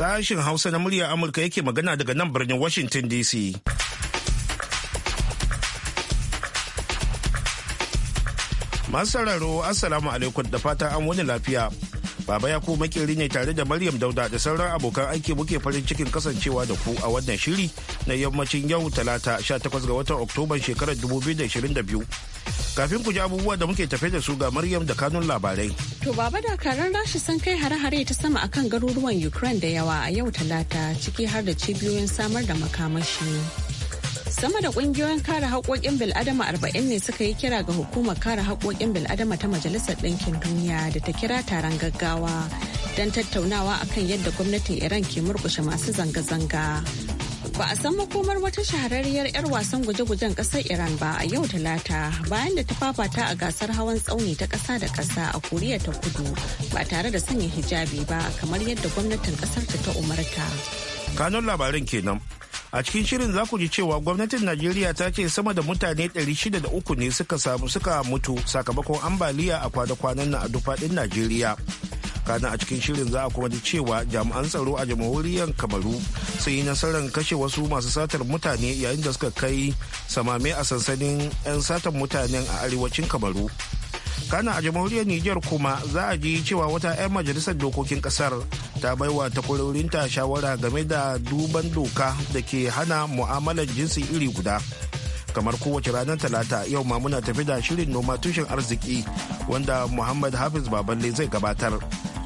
Sashin Hausa na murya Amurka yake magana daga nan birnin Washington DC. Masararo Assalamu alaikum da fata an wani lafiya. Baba ya ku makeri ne tare da Maryam Dauda da sauran abokan aiki muke farin cikin kasancewa da ku a wannan shiri na yammacin yau talata 18 ga watan Oktoban shekarar 2022. kafin ku ji abubuwa da muke tafe da su ga Maryam da kanun labarai. To baba da dakaran rashi sun kai hare-hare ta sama akan garuruwan Ukraine da yawa a yau talata ciki har da cibiyoyin samar da makamashi. Sama da kungiyoyin kare haƙoƙin bil'adama arba'in ne suka yi kira ga hukumar kare haƙoƙin bil'adama ta Majalisar Ɗinkin Duniya da ta kira taron gaggawa don tattaunawa akan yadda gwamnatin Iran ke murƙushe masu zanga-zanga. Ba a san makomar wata shahararriyar 'yar wasan guje-gujen ƙasar Iran ba a yau talata bayan da ta fafata a gasar hawan tsauni ta ƙasa da ƙasa a Koriya ta kudu ba tare da sanya hijabi ba kamar yadda gwamnatin ƙasar ta ta umarta. Kanun labarin kenan. A cikin shirin za ku ji cewa gwamnatin Najeriya ta ce sama da mutane 603 ne suka samu suka mutu sakamakon ambaliya a kwana-kwanan na a dufaɗin Najeriya. kana a cikin shirin za a kuma ji cewa jami'an tsaro a jamhuriyar kamaru sun yi nasarar kashe wasu masu satar mutane yayin da suka kai samame a sansanin 'yan satar mutanen a arewacin kamaru kana a jamhuriyar nijar kuma za a ji cewa wata 'yan majalisar dokokin kasar ta baiwa takwarorinta shawara game da duban doka da ke hana mu'amalar jinsi iri guda kamar kowace ranar talata yau ma muna tafi da shirin noma tushen arziki wanda muhammad hafiz baballe zai gabatar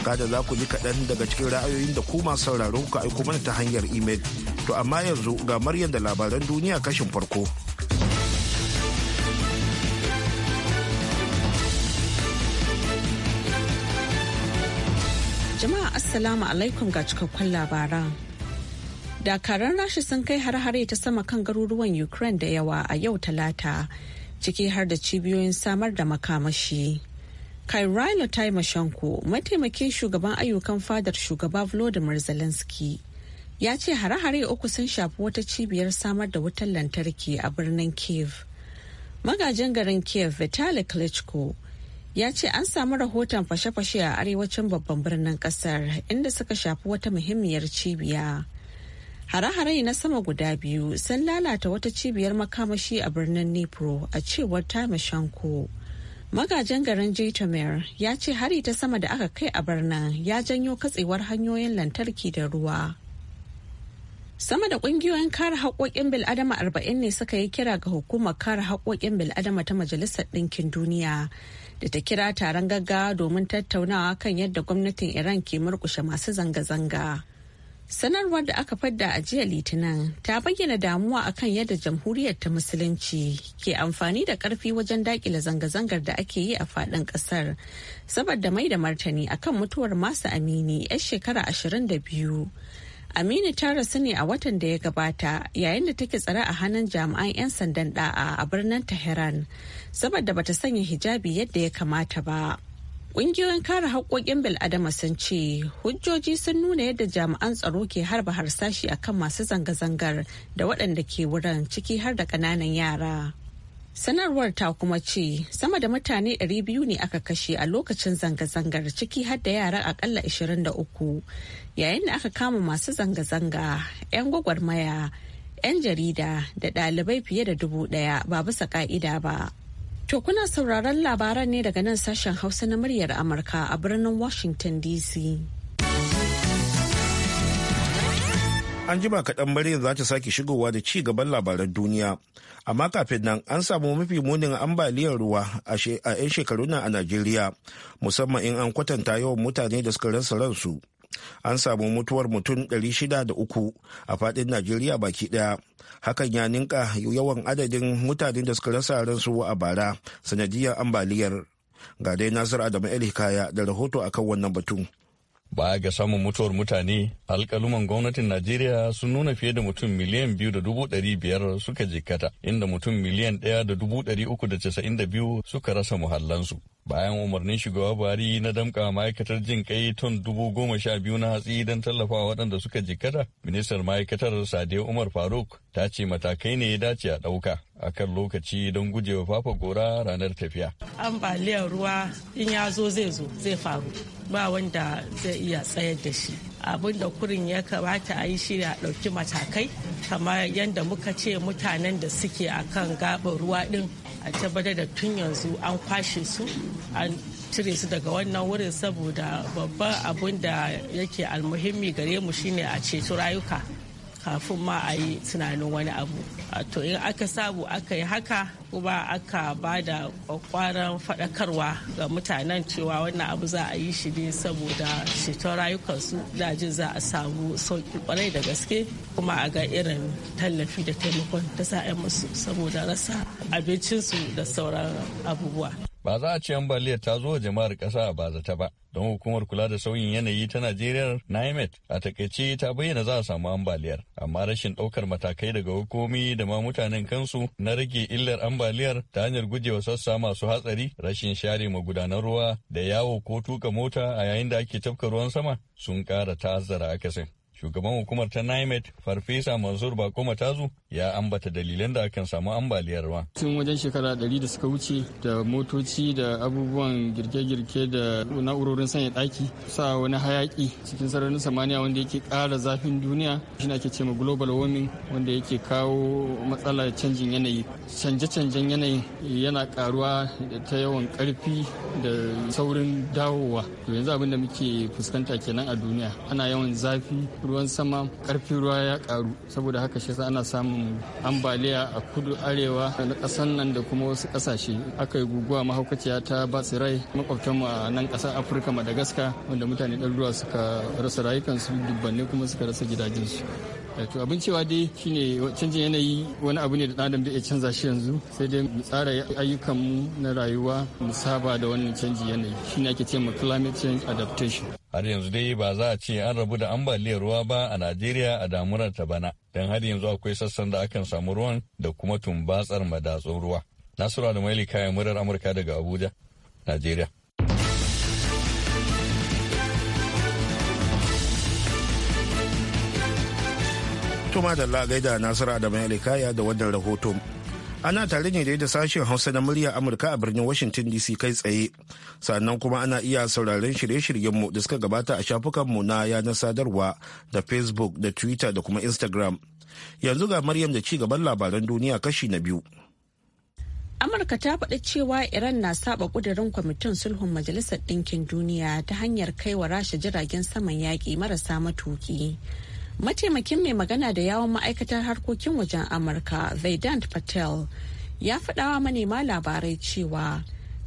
kada za ku ji kaɗan daga cikin ra'ayoyin da ku masu sauraro ku aiko mana ta hanyar imel to amma yanzu ga maryam da labaran duniya kashin farko jama'a assalamu alaikum ga cikakkun labaran dakaran rashi sun kai har-hare ta sama kan garuruwan ukraine da yawa a yau talata ciki har da cibiyoyin samar da makamashi Kairala Taimashenko, mataimakin shugaban ayyukan fadar shugaba Volodymyr Zelensky, ya ce hare-hare uku sun shafi wata cibiyar samar da wutar lantarki a birnin Kiev. Magajin garin Kiev Vitali Klitschko ya ce an samu rahoton fashe-fashe a arewacin babban birnin kasar inda suka shafi wata muhimmiyar cibiya. Hare-hare na sama guda biyu sun lalata wata cibiyar makamashi a birnin Nipro a cewar Taimashenko. magajin garin jitamer ya ce hari ta sama da aka kai a birnin ya janyo katsewar hanyoyin lantarki da ruwa sama da kungiyoyin kare haƙoƙin bil'adama arba'in ne suka yi kira ga hukumar kare haƙoƙin bil'adama ta majalisar ɗinkin duniya da ta kira taron gaggawa domin tattaunawa kan yadda gwamnatin iran ke murƙushe masu zanga-zanga sanarwar da aka fadda a jiya litinin ta bayyana damuwa akan yadda jamhuriyar ta musulunci ke amfani da karfi wajen dakile zanga-zangar da ake yi a faɗin ƙasar saboda mai da martani akan mutuwar masu amini 'yar shekara 22 amini ta rasu ne a watan da ya gabata yayin da take tsare a hannun jami'an 'yan sandan da'a a birnin tehran saboda bata sanya hijabi yadda ya kamata ba. Ƙungiyoyin kare haƙoƙin bil'adama sun ce hujjoji sun nuna yadda jami'an tsaro ke harba harsashi a kan masu zanga-zangar da waɗanda ke wurin ciki har da ƙananan yara. Sanarwar ta kuma ce sama da mutane 200 ne aka kashe a lokacin zanga-zangar ciki har da yara akalla 23 yayin da aka kama masu zanga-zanga 'yan gwagwarmaya 'yan jarida da ɗalibai fiye da dubu ɗaya ba bisa ƙa'ida ba. To kuna sauraron labaran ne daga nan sashen Hausa na muryar Amurka a birnin Washington DC. An jima kaɗan maryam za ta sake shigowa da ci gaban labaran duniya. Amma kafin nan an samu mafi munin ambaliyar ruwa a 'yan shekaru na a Najeriya, musamman in an kwatanta yawan mutane da suka rasa ransu. an samu mutuwar mutum 603 a fadin najeriya baki daya hakan ya ninka yawan adadin mutanen da suka rasa ransu a bara sanadiyar ambaliyar ga dai nasir adamu el da rahoto a akan wannan batun baya ga samun mutuwar mutane alkaluman gwamnatin najeriya sun nuna fiye da mutum miliyan biyu da dubu dari biyar suka jikkata inda mutum miliyan ɗaya da dubu ɗari uku da casa'in da biyu suka rasa muhallansu bayan umarnin shugaba buhari na damka ma'aikatar jin kai ton dubu goma sha biyu na hatsi don tallafawa waɗanda suka jikkata ministar ma'aikatar sade umar faruk ta ce matakai ne ya dace a ɗauka a kan lokaci don gujewa fafa gora ranar tafiya ambaliyar ruwa in ya zo zai zo zai faru ba wanda zai iya tsayar da shi abin da kurin ya kamata a yi shi a ɗauki matakai kamar yadda muka ce mutanen da suke akan gaɓar ruwa ɗin a tabbatar da tun yanzu an kwashe su an cire su daga wannan wurin saboda babban abun da yake almuhimmi gare mu shine a ceto rayuka kafin ma a yi tunanin wani abu to in aka sabu aka yi haka kuma aka ba da kwakwaran faɗakarwa ga mutanen cewa wannan abu za a yi shi ne saboda ceton rayukansu da jin za a samu sauki kwarai da gaske kuma a ga irin tallafi da taimakon ta sa'yan musu saboda rasa abincinsu da sauran abubuwa ba za a ce ambaliyar ta zo jama'ar ƙasa ba zata ba don hukumar kula da sauyin yanayi ta najeriya naimet a takaice ta bayyana za a samu ambaliyar amma rashin ɗaukar matakai daga hukumi da ma mutanen kansu na rage illar ambaliyar ta hanyar gujewa sassa masu hatsari rashin share magudanan ruwa da yawo ko tuka mota a yayin da ake tafka ruwan sama sun ƙara ta'azzara akasin Shugaban hukumar ta NIMET, Farfesa Mansur Bako Matazu, ya ambata dalilan da akan samu ambaliyar ruwa. Tun wajen shekara dari da suka wuce da motoci da abubuwan girke-girke da na'urorin sanya daki sa wani hayaki cikin sararin samaniya wanda yake kara zafin duniya shi ake ce global warming wanda yake kawo matsalar canjin yanayi. Canje-canjen yanayi yana ƙaruwa ta yawan karfi da saurin dawowa. To yanzu abin da muke fuskanta kenan a duniya ana yawan zafi ruwan sama karfin ruwa ya karu saboda haka shi ana samun ambaliya a kudu arewa na kasan nan da kuma wasu kasashe aka yi guguwa mahaukaciya ta batsirai makwabtanmu a nan kasar afirka madagascar wanda mutane ɗaruruwa suka rasa rayukansu dubbanni kuma suka rasa gidajensu to abin cewa dai shine canjin yanayi wani abu ne da ɗan adam da ya canza shi yanzu sai dai mu tsara ayyukan mu na rayuwa mu saba da wannan canji yanayi shine ake ce ma climate change adaptation har yanzu dai ba za a ce an rabu da ambaliyar ruwa ba a Najeriya a damurar ta bana dan har yanzu akwai sassan da akan samu ruwan da kuma tumbatsar madatsun ruwa Nasiru da kayan murar Amurka daga Abuja, Najeriya. kuma da nasara da mai alikaya da wannan rahoto. Ana tare ne dai da sashen Hausa na murya Amurka a birnin Washington DC kai tsaye. Sannan kuma ana iya sauraron shirye-shiryenmu da suka gabata a shafukanmu na yanar sadarwa da Facebook da Twitter da kuma Instagram. Yanzu ga Maryam da ci gaban labaran duniya kashi na biyu. amurka ta faɗi cewa iran na saba ƙudurin kwamitin sulhun majalisar ɗinkin duniya ta hanyar kai wa rasha jiragen saman yaƙi marasa matuki. mataimakin mai magana da yawon ma'aikatar harkokin wajen amurka vaidant patel ya faɗawa manema labarai cewa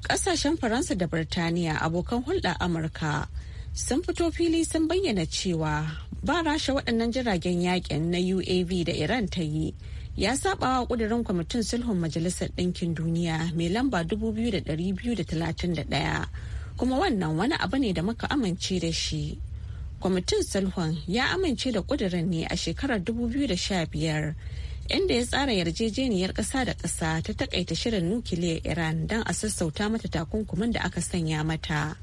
ƙasashen faransa da birtaniya abokan hulɗa amurka sun fito fili sun bayyana cewa ba rasha waɗannan jiragen yakin na uav da iran ta yi ya sabawa wa kudirin kwamitin sulhun majalisar ɗinkin duniya mai lamba 2231 kuma wannan wani abu ne da muka amince da shi kwamitin sulhun ya amince da kudirin ne a shekarar 2015 inda ya tsara yarjejeniyar kasa da kasa ta takaita shirin nukiliya iran don a sassauta mata takunkumin da aka sanya mata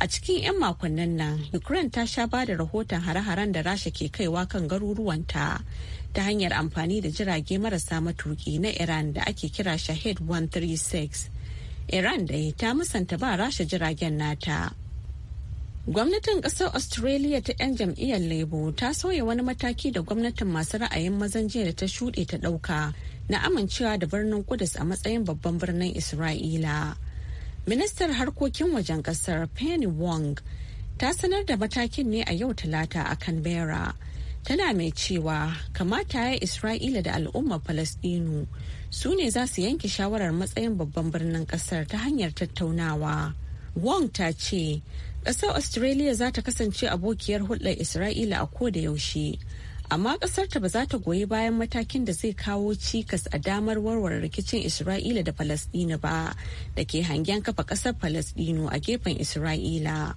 a cikin 'yan makonnin nan ukraine ta sha ba da rahoton hare-haren da rasha ke kaiwa kan garuruwanta ta hanyar amfani da jirage marasa matuki na iran da ake kira shahid 136 iran da ta musanta ba rasha jiragen nata Gwamnatin ƙasar Australia ta 'yan jam'iyyar Labour ta sauya wani mataki da gwamnatin masu ra'ayin mazan jiya da ta shuɗe ta ɗauka na amincewa da birnin Kudus a matsayin babban birnin Isra'ila. Ministar harkokin wajen ƙasar Penny Wong ta sanar da matakin ne a yau talata a Canberra. Tana mai cewa kamata ya Isra'ila da al'ummar Falasɗinu su ne za su yanke shawarar matsayin babban birnin ƙasar ta hanyar tattaunawa. Wong ta ce Ƙasar Australia za ta kasance abokiyar hulɗar Isra'ila a ko da yaushe. Amma ƙasar ta ba za ta goyi bayan matakin da zai kawo cikas a damar warware rikicin Isra'ila da Falasɗina ba da ke hangen kafa ƙasar Falasɗinu a gefen Isra'ila.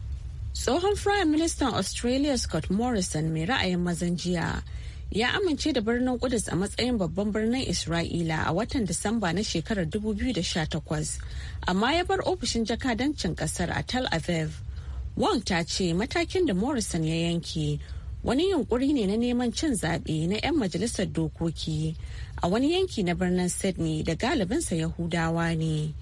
Tsohon prime Ministan Australia Scott Morrison mai ra'ayin mazan jiya ya amince da birnin Kudus a matsayin babban birnin Isra'ila a watan Disamba na shekarar 2018, amma ya bar ofishin jakadancin ƙasar a Tel Aviv Wong ta ce matakin da Morrison ya yanke wani yunkuri ne na neman cin zaɓe na 'yan majalisar dokoki a wani yanki na birnin Sydney da galibinsa Yahudawa ne.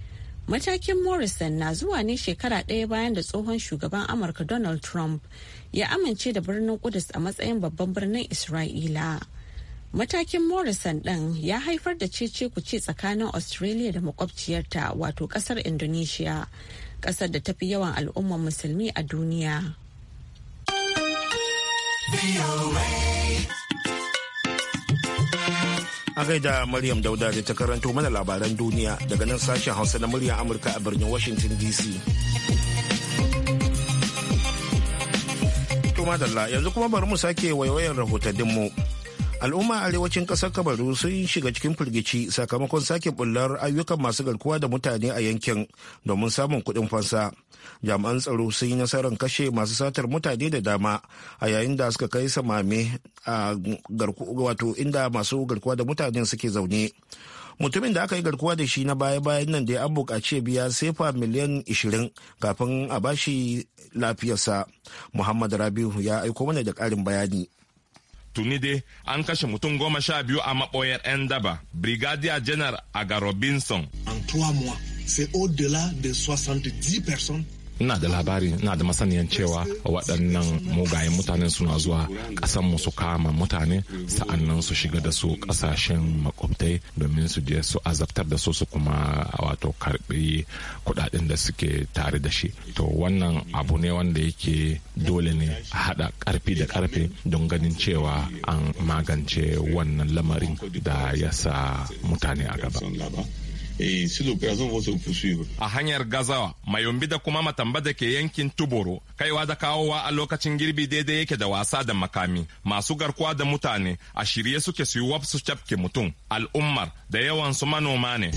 Matakin Morrison na zuwa ne shekara ɗaya bayan da tsohon shugaban Amurka Donald Trump ya amince da birnin Kudus a matsayin babban birnin Isra'ila. Matakin Morrison ɗin ya haifar da cece ce tsakanin Australia da makwabciyarta wato ƙasar Indonesia, ƙasar da tafi yawan al'ummar musulmi a duniya. A gaida Maryam Dauda da ta karanto mana labaran duniya daga nan sashen Hausa na muryar Amurka a birnin Washington DC. To madalla yanzu kuma bari mu sake waiwayan rahotanninmu. mu. al'umma arewacin kasar kamaru sun shiga cikin firgici sakamakon sake bullar ayyukan masu garkuwa da mutane a yankin domin samun kuɗin fansa jami'an tsaro sun yi nasarar kashe masu satar mutane da dama a yayin da suka kai samame a wato inda masu garkuwa da mutane suke zaune mutumin da aka yi garkuwa da shi na baya-bayan nan da an buƙaci biya sefa miliyan 20 kafin a bashi lafiyarsa muhammad rabiu ya aiko mana da ƙarin bayani tuni dai an kashe mutum goma sha biyu a maɓoyar 'yan daba brigadier general aga robinson en trois mois c'est au-delà de 70 personnes ina da labarin ina da masaniyan cewa waɗannan mugayen mutane suna zuwa ƙasan su kama mutane sa'annan su shiga da su ƙasashen makwabtai domin su je su azabtar da su su kuma wato karɓi kuɗaɗen da suke tare da shi to wannan abu ne wanda yake dole ne a haɗa ƙarfi da ƙarfe don ganin cewa an magance wannan lamarin da ya sa mutane a gaba. et sur l'opération vont A hanyar Gazawa, Mayombi da kuma Matamba da ke yankin Tuboro, kaiwa da kawowa a lokacin girbi daidai yake da wasa da makami. Masu garkuwa da mutane a shirye suke su yi su cafke mutum. Al'ummar da yawan su manoma ne.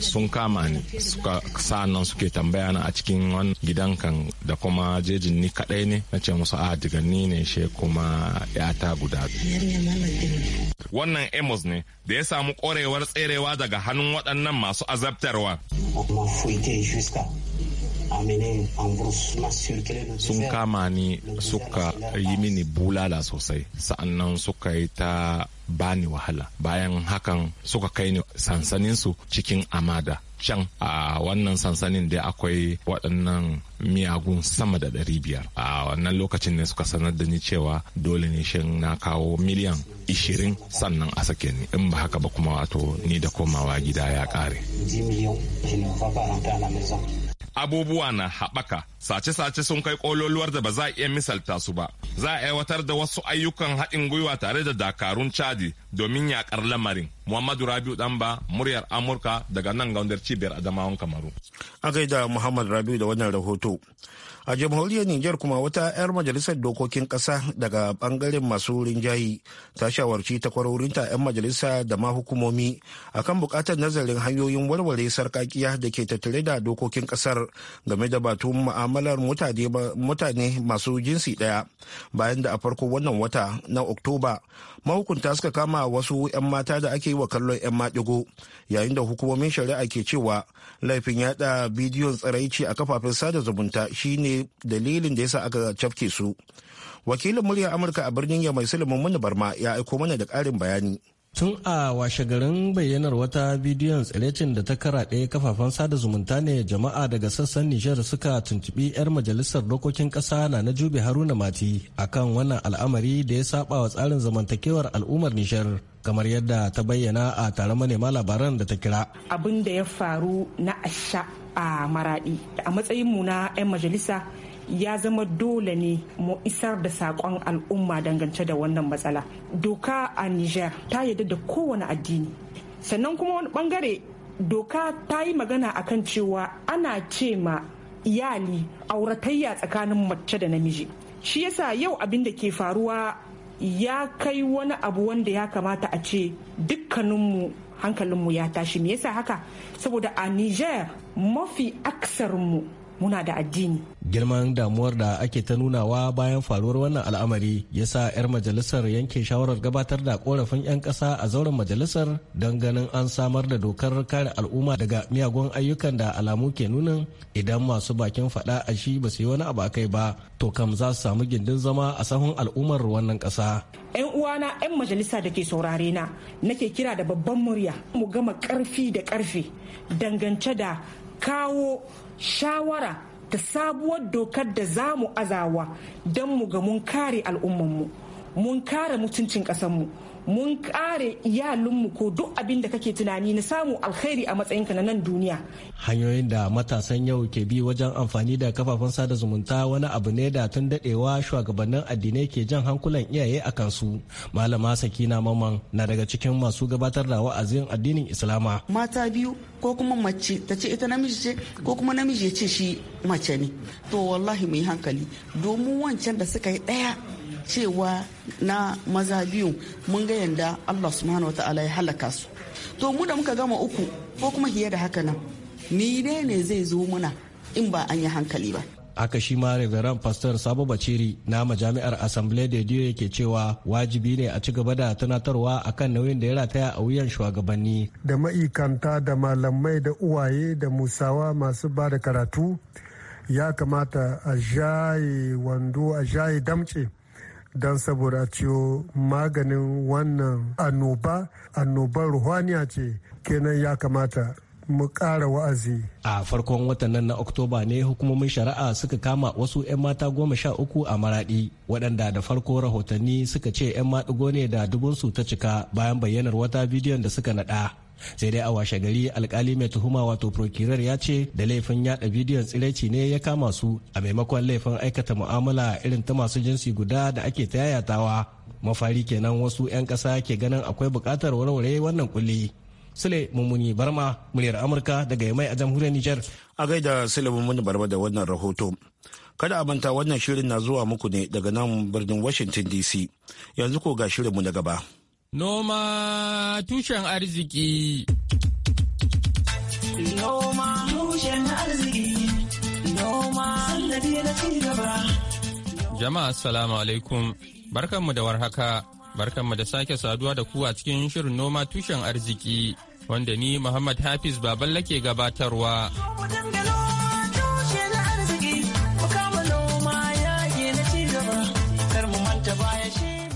Sun kama ne suka sa'annan suke tambaya na a cikin wani gidan kan da kuma jejin ni kaɗai ne, na ce musu a ah, diga ni ne she kuma yata guda. Wannan Amos ne da ya samu ƙorewar tserewa daga hannun waɗannan masu azabtarwa. sun kama ni suka yi mini bulala sosai sa'annan suka yi ta bani wahala bayan hakan suka kai ni sansaninsu cikin amada can a wannan sansanin dai akwai waɗannan miyagun sama da ɗari biyar a wannan lokacin ne suka sanar da ni cewa dole ne shin na kawo miliyan ishirin sannan a sake ni in ba haka ba kuma wato ni da komawa gida ya ƙare abubuwa na haɓaka sace-sace sun kai ƙololuwar da ba za a iya misalta su ba za a aiwatar da wasu ayyukan haɗin gwiwa tare da dakarun chadi domin yaƙar lamarin muhammadu rabiu ɗanba muryar amurka daga nan gaundar cibiyar adamawan kamaru a gaida muhammad rabiu da wannan rahoto a jamhuriyar niger kuma wata 'yar majalisar dokokin ƙasa daga ɓangaren masu rinjayi ta shawarci ta kwarorinta 'yan majalisa da ma hukumomi akan buƙatar nazarin hanyoyin warware sarƙaƙiya da ke tattare da dokokin ƙasar game da batun ma'amalar mutane masu jinsi ɗaya bayan da a farko wannan wata na oktoba mahukunta suka kama wasu 'yan mata da ake yi wa kallon 'yan maɗigo yayin da hukumomin shari'a ke cewa laifin yada bidiyon tsiraici a kafafen sada zumunta shine dalilin da yasa aka cafke su wakilin muryar amurka a birnin mai sulaiman muni barma ya aiko mana da ƙarin bayani tun a washe garin bayyanar wata bidiyon tsirecin da ta karaɗe kafafen sada zumunta ne jama'a daga sassan nijar suka tuntubi 'yar majalisar dokokin ƙasa na na jube haruna mati akan wannan al'amari da ya saba wa tsarin zamantakewar al'ummar nijar kamar yadda ta bayyana a taron manema labaran da ta kira abin da ya faru na asha a maradi a matsayin mu na 'yan majalisa ya zama dole ne mu isar da sakon al'umma dangance da wannan matsala doka a niger ta yarda da kowane addini sannan kuma wani bangare doka ta yi magana kan cewa ana ce ma iyali auratayya tsakanin mace da namiji shi yasa yau abin da ke faruwa ya kai wani abu wanda ya kamata a ce dukkaninmu hankalinmu ya tashi me yasa haka saboda a niger mafi mu. muna da addini. Girman damuwar da ake ta nunawa bayan faruwar wannan al'amari ya sa 'yar majalisar yanke shawarar gabatar da korafin 'yan ƙasa a zauren majalisar don ganin an samar da dokar kare al'umma daga miyagun ayyukan da alamu ke nunin idan masu bakin faɗa a shi ba su yi wani abu a kai ba to kam za su samu gindin zama a sahun al'ummar wannan ƙasa. 'yan uwana 'yan majalisa da ke saurare na nake kira da babban murya mu gama ƙarfi da ƙarfe dangance da kawo shawara ta sabuwar dokar da za mu azawa don mu ga mun kare al'ummanmu mun kare mutuncin ƙasanmu mun kare iyalinmu ko duk abin da kake tunani na samu alkhairi a matsayinka na nan duniya hanyoyin da matasan yau ke bi wajen amfani da kafafen sada zumunta wani abu ne da tun dadewa shugabannin addinai ke jan hankulan iyaye a kansu malama sakina maman na daga cikin masu gabatar da wa'azin addinin islama mata biyu ko kuma mace ta ce ita namiji ce ko kuma namiji ce shi mace ne to wallahi mai hankali domin wancan da suka yi ɗaya. cewa na maza biyu mun ga yanda Allah subhanahu wataala ya halaka su to mu da muka gama uku ko kuma fiye da haka nan ni ne ne zai zo muna in ba an yi hankali ba aka shi ma Reverend Pastor Sabo Baciri na majami'ar Assembly da Dieu yake cewa wajibi ne a ci gaba da tunatarwa akan nauyin da ya rataya a wuyan shugabanni. Da ma'ikanta da malamai da uwaye da musawa masu ba da karatu ya kamata a jaye wando a jaye damce don saboda a ciwo maganin wannan annoba annobar ruhaniya ce kenan ya kamata mu ƙara wa'azi. A farkon watan nan na Oktoba ne hukumomin shari'a suka kama wasu 'yan mata goma sha uku a maraɗi waɗanda da farko rahotanni suka ce 'yan maɗigo ne da dubunsu ta cika bayan bayyanar wata bidiyon da suka naɗa. sai dai a washe gari alkali mai tuhuma wato prokirar ya ce da laifin yada bidiyon tsiraici ne ya kama su a maimakon laifin aikata mu'amala irin ta masu jinsi guda da ake ta yayatawa mafari kenan wasu 'yan ƙasa ke ganin akwai bukatar warware wannan kulli sule mummuni barma muryar amurka daga yamai a jamhuriyar niger a gaida sule mummuni barma da wannan rahoto kada a manta wannan shirin na zuwa muku ne daga nan birnin washington dc yanzu ko ga shirinmu na gaba Noma tushen arziki. Noma tushen arziki. Noma sallabi na cigaba. Jama'a assalamu alaikum. Barkanmu da warhaka. Barkanmu da sake saduwa da kuwa cikin shirin noma tushen arziki wanda ni Muhammad Hafiz Baballa ke gabatarwa.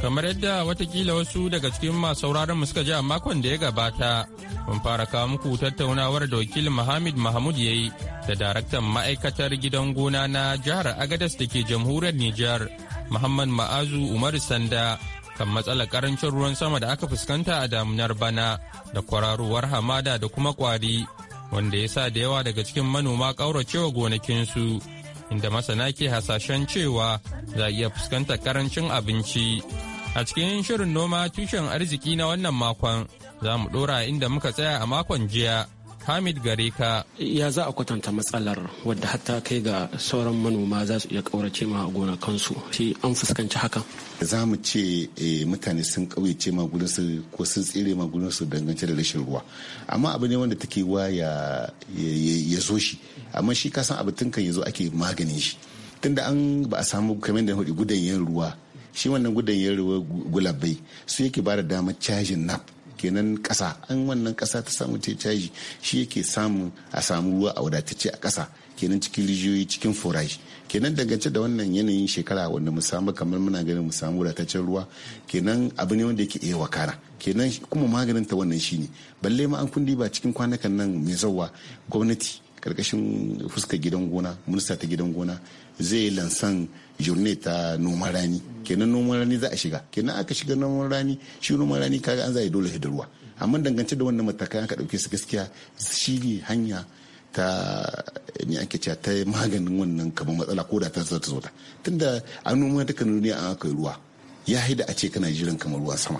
kamar yadda watakila wasu daga cikin masu sauraron suka ji a makon da ya gabata mun fara kawo muku tattaunawar da wakilin Muhammad Mahmud ya yi da daraktan ma'aikatar gidan gona na jihar Agadas da ke jamhuriyar niger Muhammad Ma'azu Umar Sanda kan matsalar karancin ruwan sama da aka fuskanta a damunar bana da kwararowar hamada da kuma kwari wanda ya sa da yawa daga cikin manoma ƙauracewa gonakinsu inda masana ke hasashen cewa za a iya fuskantar karancin abinci. A cikin shirin noma tushen arziki na wannan makon za mu ɗora inda muka tsaya a makon jiya. Hamid gareka. Ya za a kwatanta matsalar wadda hatta kai ga sauran manoma za su iya kaurace ma gonakansu shi an fuskanci haka Za mu ce eh, mutane sun kauyace ma su ko sun tsere ma su dangance da rashin ruwa. Amma abu ne wanda take wa ya zo shi. Amma shi kasan abu tun kan ya zo ake maganin shi. Tunda an ba a samu kamar da hudu gudan yin ruwa shi wannan gudan ya ruwa gulabai su yake ba da damar cajin nap kenan kasa an wannan kasa ta samu ta caji shi yake samu a samu ruwa a wadatacce a kasa kenan cikin rijiyoyi cikin foraji kenan dangance da wannan yanayin shekara wanda mu samu kamar muna ganin mu samu wadataccen ruwa kenan abu ne wanda yake iya kara kenan kuma maganin ta wannan shine balle ma an kundi ba cikin kwanakan nan mai zauwa gwamnati karkashin fuskar gidan gona minista ta gidan gona zai lansan journey ta noman rani kenan noman rani za a shiga kenan aka shiga noman rani shi noman rani kaga an zai dole da ruwa amma dangance da wannan matakan aka dauke su gaskiya shi ne hanya ta ni ake cewa ta maganin wannan kamar matsala ko da ta zo ta zo ta tunda a noma duka duniya an aka ruwa ya haida a ce kana jiran kamar ruwa sama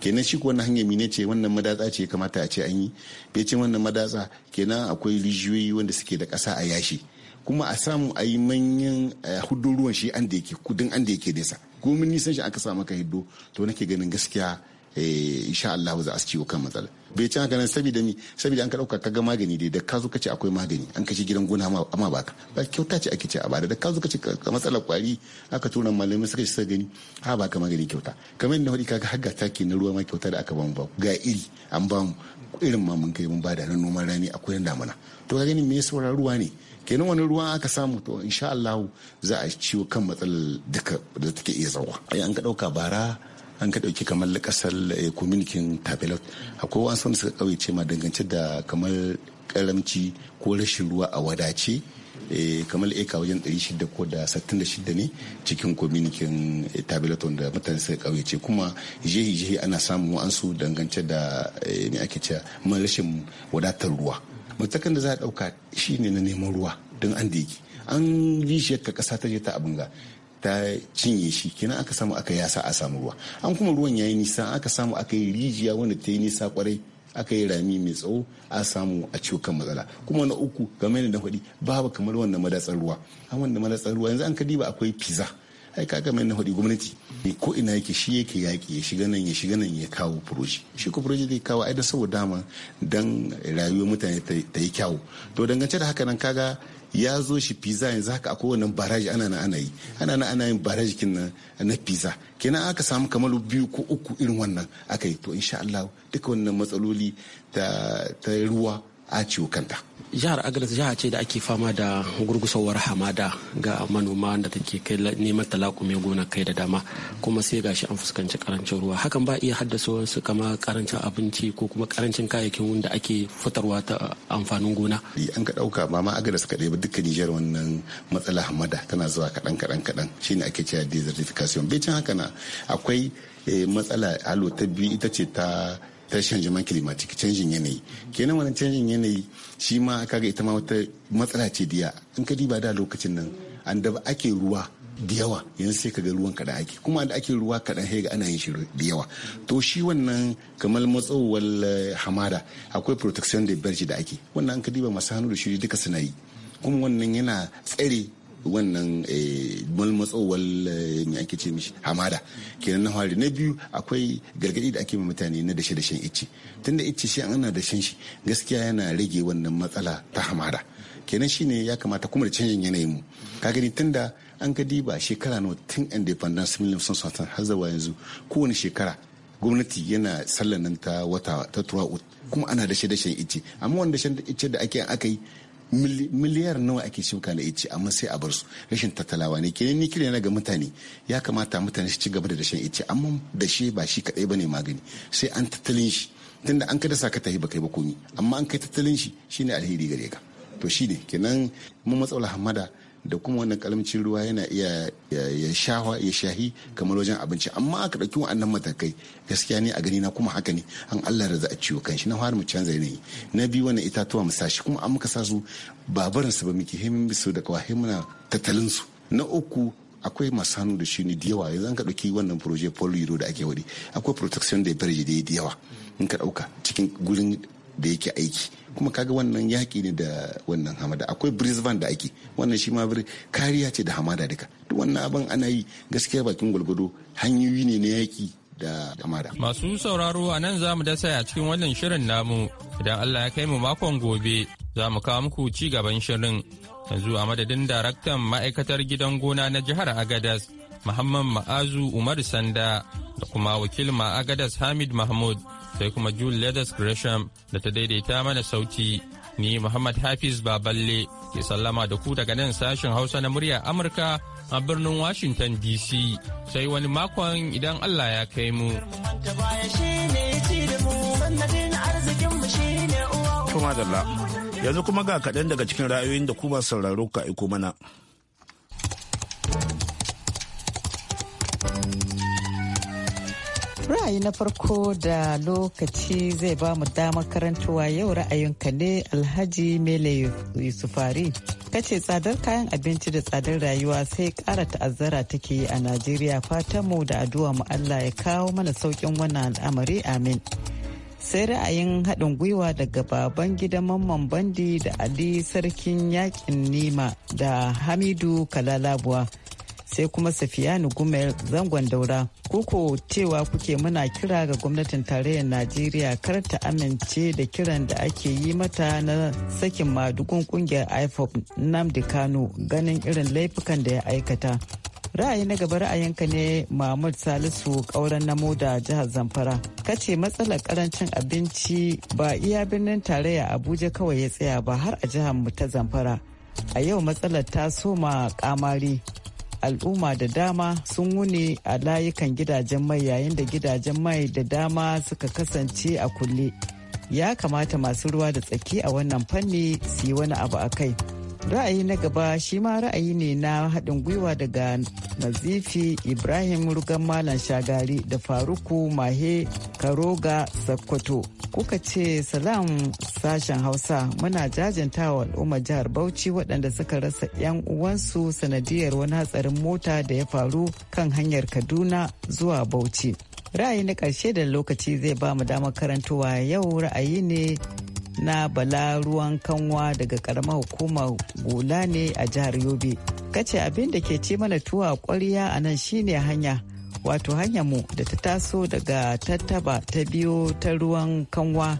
kenan shi wannan hanyar mine ce wannan madatsa ce kamata a ce an yi bai ce wannan madatsa kenan akwai rijiyoyi wanda suke da ƙasa a yashi kuma a samu a yi manyan eh, hudu ruwan shi an da yake kudin an da yake nesa gomin nisan shi aka sa maka hiddo to nake ganin gaskiya eh, insha Allah za a ciwo kan matsala bai ci haka nan saboda ni saboda an ka dauka kaga magani dai da ka zo kace akwai magani an kashe gidan gona amma baka ba kyauta ce ake ce a bada da ka zo kace ka matsala kwari aka tura malamai suka ci gani ha baka magani kyauta kamar inda hudi kaga hagga taki na ruwa ma kyauta da aka bamu ba ga iri an bamu irin ma mun kai mun bada na noman rani akwai damuna to ka gani me saura ruwa ne kenan wani ruwan aka samu to insha Allah za a ciwo kan matsalar duka da take iya ai an ka dauka bara an ka dauki kamar kasar communiquin eh, tablet akwai wasu wanda suka kauye ma dangance da kamar karamci ko rashin ruwa a wadace eh, kamar eka wajen 600 ko da 66 ne cikin communiquin eh, tabelot wanda mutane suka kauye kuma jihi jihi ana samun wa'ansu dangance da me ake cewa rashin wadatar ruwa matakan da za a ɗauka ne na neman ruwa don an digi an shi ka ƙasa ta je ta abin ga ta cinye shi kenan aka samu aka yasa a samu ruwa an kuma ruwan ya yi nisa aka samu aka yi rijiya wanda ta yi nisa kwarai aka yi rami mai tsawo a samu a ciwo kan matsala kuma na uku game da na hudu babu kamar wannan madatsar ruwa an wanda madatsar ruwa yanzu an ka diba akwai pizza ai kaga mai na hudu gwamnati ko ina yake shi yake yaki ya shiga nan ya shiga nan ya kawo furoji shi ko furoji zai kawo ai da saboda dama dan rayuwar mutane ta yi kyawu to dangance da haka nan kaga ya zo shi pizza yanzu haka a kowane baraji ana na ana yi ana na ana yin baraji kin na pizza kenan aka samu kamar biyu ko uku irin wannan aka yi to insha Allah duka wannan matsaloli ta ruwa a ciwo kanta jihar agadas jiha ce da ake fama da gurgusawar hamada ga manoma da take kai neman mai gona kai da dama kuma sai gashi an fuskanci karancin ruwa hakan ba iya haddasa wasu kama karancin abinci ko kuma karancin kayayyakin wanda ake fitarwa ta amfanin gona an ka dauka ba ma kadai ba dukkan nijar wannan matsala hamada tana zuwa kaɗan kadan kadan shine ake cewa desertification bai can haka na akwai eh, matsala alo ta biyu ita ce ta ta changement climatic canjin yanayi kenan wani canjin yanayi shi ma kaga ita ma wata matsala ce diya in ka diba da lokacin nan an da ake ruwa da yawa yanzu sai ka ga ruwan kaɗan ake kuma da ake ruwa kaɗan sai ga ana yin shi da yawa to shi wannan kamar matsowar eh, hamada akwai protection da berji da ake wannan an ka diba masu hannu da shi duka suna yi kuma wannan yana tsare wannan eh, malmatsowar eh, mai ake ce mishi hamada kenan na fari na biyu akwai gargadi da ake mutane na dashe-dashen icce tunda icce shi ana dashen shi gaskiya yana rage wannan matsala ta hamada kenan shine ya kamata kuma da canjin yanayin mu ka gani tunda an ka diba shekara nawa tun independence 1960 har zuwa yanzu kowane shekara gwamnati yana sallananta wata ta kuma ana dashe dashen ice amma wanda dashen ice da ake aka yi miliyar nawa ake shuka na ice amma sai a bar su rashin tattalawa ne kenan ni na ga mutane ya kamata mutane su ci gaba da dashen ice amma da shi ba shi kadai bane magani sai an tattalin shi tunda an ka dasa ka tahi ba kai ba komi amma an kai tattalin shi shine alheri gare ka to shine kenan mun matsalar hamada da kuma wannan karamcin ruwa yana iya ya shawa ya shahi kamar wajen abinci amma aka ɗauki wa'annan matakai gaskiya ne a gani na kuma haka ne an Allah da za a ciwo kanshi na fara mu canza yanayi na biyu wannan itatuwa mu sashi kuma an muka sa su ba su ba muke himin bisu da kawai muna tattalin su na uku akwai masu hannu da ne da yawa yanzu an ka ɗauki wannan projet polio da ake wadi akwai protection da ya da yawa in ka ɗauka cikin gurin da yake aiki kuma kaga wannan yaƙi ne da wannan hamada akwai brisbane da ake wannan shi ma kariya ce da hamada duka duk wannan abin ana yi gaskiya bakin gwalgwado hanyoyi ne na yaƙi da hamada. masu sauraro a nan za mu dasa a cikin wannan shirin namu idan allah ya kai mu makon gobe za mu kawo muku ci gaban shirin yanzu a madadin daraktan ma'aikatar gidan gona na jihar agadas muhammad ma'azu umar sanda da kuma wakil ma agadas hamid mahmud sai kuma june Ledes Gresham da ta daidaita mana sauti. Ni Muhammad Hafiz Baballe ke sallama da ku daga nan sashen Hausa na murya Amurka a birnin Washington DC. Sai wani makon idan Allah ya kai mu. Yanzu kuma ga kaɗan daga cikin ra'ayoyin da kuma sauraro ka aiko mana. Ra'ayi na farko da lokaci zai ba mu damar karantuwa yau ra'ayinka ne Alhaji Mele Yusufari. Kace tsadar kayan abinci da tsadar rayuwa sai kara ta'azzara take yi a Najeriya fatanmu da addu'a mu Allah ya kawo mana saukin wannan al'amari amin. sai ra'ayin haɗin gwiwa daga baban gidan mamman bandi da ali sarkin yakin nima da hamidu kalalabuwa sai kuma Safiyanu Gumel zangon daura. kuku cewa kuke muna kira ga gwamnatin tarayyar Najeriya kar ta amince da kiran da ake yi mata na sakin madugun kungiyar IFOP Nnamdi Kano ganin irin laifukan da ya aikata. Ra'ayi na gaba ra'ayinka ne Mahmud Salisu ƙauren namo da jihar Zamfara. Ka ce matsalar karancin abinci ba iya birnin tarayya Abuja kawai ya tsaya ba har a jihar mu ta Zamfara. A yau matsalar ta soma kamari al'umma da dama sun wuni a layukan gidajen mai yayin da gidajen mai da dama suka kasance a kulle ya kamata masu ruwa da tsaki a wannan fanni su yi wani abu a kai ra'ayi na gaba shi ma ra'ayi ne na haɗin gwiwa daga nazifi ibrahim rugan malam shagari da faruku mahe karoga sakkwato kuka ce salam sashen hausa muna wa al'ummar jihar bauchi waɗanda suka rasa 'yan uwansu sanadiyar wani hatsarin mota da ya faru kan hanyar kaduna zuwa bauchi ra'ayi na karshe da lokaci zai ba mu damar karantowa yau ra'ayi ne na bala ruwan kanwa daga karamar hukumar gula ne a jihar yobe kace abin da ke ci mana tuwa kwarya a nan shine hanya wato hanyar mu da ta taso daga tattaba ta biyo ta ruwan kanwa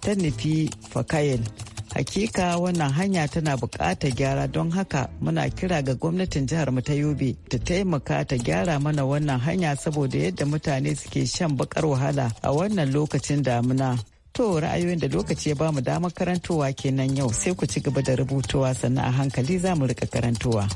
ta nufi fakayen hakika wannan hanya tana bukatar gyara don haka muna kira ga gwamnatin jihar mu ta yobe ta taimaka ta gyara mana wannan hanya saboda yadda mutane suke shan bakar wahala a wannan lokacin damina To ra'ayoyin da lokaci ya ba mu damar karantowa kenan yau sai ku ci gaba da rubutuwa sannan a hankali za mu rika karantowa.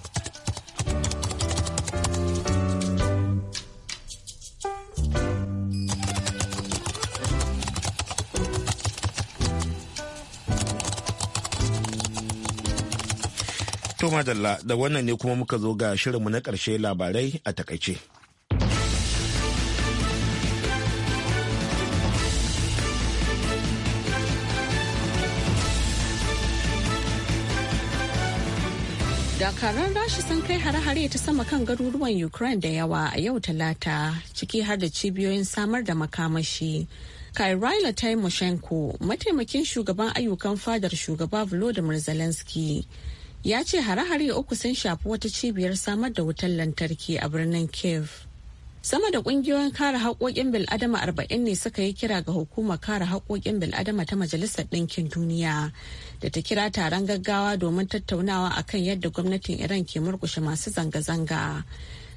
To madalla da wannan ne kuma muka zo ga shirinmu na ƙarshe labarai a takaice. dakarun rashi sun kai hare-hare ta sama kan garuruwan ukraine da yawa a yau talata ciki har da cibiyoyin samar da makamashi kairaila taimoshenko mataimakin shugaban ayyukan fadar shugaba volodymyr zelensky ya ce hare-hare uku sun shafi wata cibiyar samar da wutar lantarki a birnin kiev Sama da kungiyoyin kare haƙoƙin bil'adama arba'in ne suka yi kira ga hukumar kare haƙoƙin bil'adama ta Majalisar Ɗinkin Duniya da ta kira taron gaggawa domin tattaunawa akan yadda gwamnatin Iran ke murkushe masu zanga-zanga.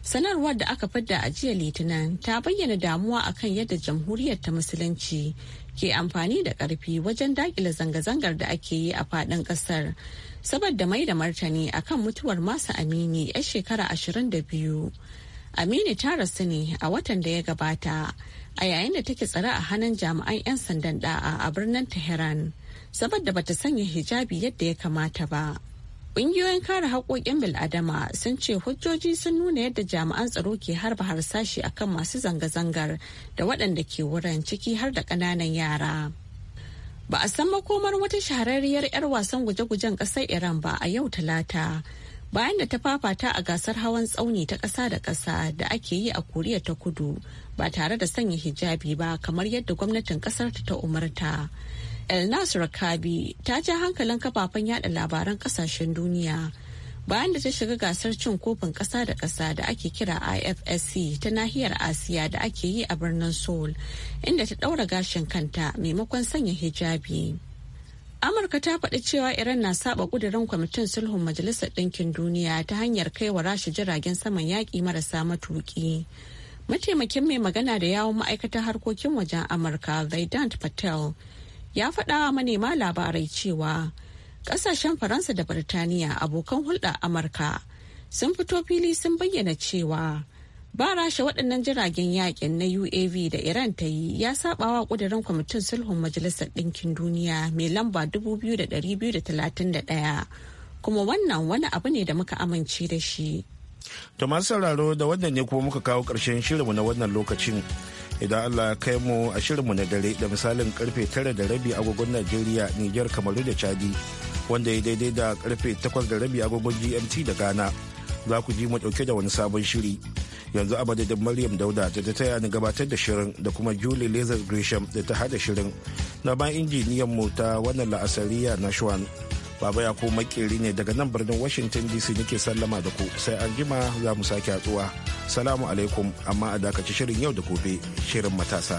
Sanarwar da aka fidda a jiya Litinin ta bayyana damuwa akan yadda jamhuriyar ta Musulunci ke amfani da ƙarfi wajen daƙile zanga-zangar da ake yi a faɗin ƙasar. Saboda mai da martani akan mutuwar masa amini 'yar shekara ashirin biyu. Aminu ta rasu ne a watan da ya gabata a yayin da take tsare a hannun jami'an 'yan sandan da'a a birnin Tehran saboda bata sanya hijabi yadda ya kamata ba. Ƙungiyoyin kare haƙoƙin bil'adama sun ce hujjoji sun nuna yadda jami'an tsaro ke harba harsashi akan masu zanga-zangar da waɗanda ke wurin ciki har da ƙananan yara. Ba a san makomar wata shahararriyar 'yar wasan guje-gujen ƙasar Iran ba a yau Talata bayan da ta fafata a gasar hawan tsauni ta ƙasa da ƙasa da ake yi a koriya ta kudu ba tare da sanya hijabi ba kamar yadda gwamnatin ƙasar ta umarta el nasir kabi ta ja hankalin kafafen yada labaran ƙasashen duniya bayan da ta shiga gasar cin kofin ƙasa da ƙasa da ake kira ifsc ta nahiyar asiya da ake yi a birnin seoul inda ta ɗaura gashin kanta maimakon sanya hijabi. amurka ta faɗi cewa iran na saba ƙudurin kwamitin sulhun majalisar ɗinkin duniya ta hanyar kai wa rashi jiragen saman yaƙi marasa matuƙi mataimakin mai magana da yawon ma'aikatar harkokin wajen amurka vaidant patel ya faɗa wa manema labarai cewa ƙasashen faransa da birtaniya abokan hulɗa amurka sun fito fili sun bayyana cewa ba rasha waɗannan jiragen yaƙin na uav da iran ta yi ya sabawa ƙudurin kwamitin sulhun majalisar ɗinkin duniya mai lamba 2231 kuma wannan wani abu ne da muka amince da shi to masu sauraro da wannan ne kuma muka kawo ƙarshen shirinmu na wannan lokacin idan allah ya kai mu a shirinmu na dare da misalin karfe tara da rabi agogon najeriya niger kamaru da chadi wanda ya daidai da karfe takwas da rabi agogon gmt da ghana za ku ji mu dauke da wani sabon shiri yanzu a madadin maryam dauda da ta taya ni gabatar da shirin da kuma julie laser gresham da ta hada shirin na ban injiniyan mu ta wannan la'asariya na shuwan baba ya ko makeri ne daga nan birnin washington dc nake sallama da ku sai an jima za mu sake hatsuwa salamu alaikum amma a dakaci shirin yau da gobe shirin matasa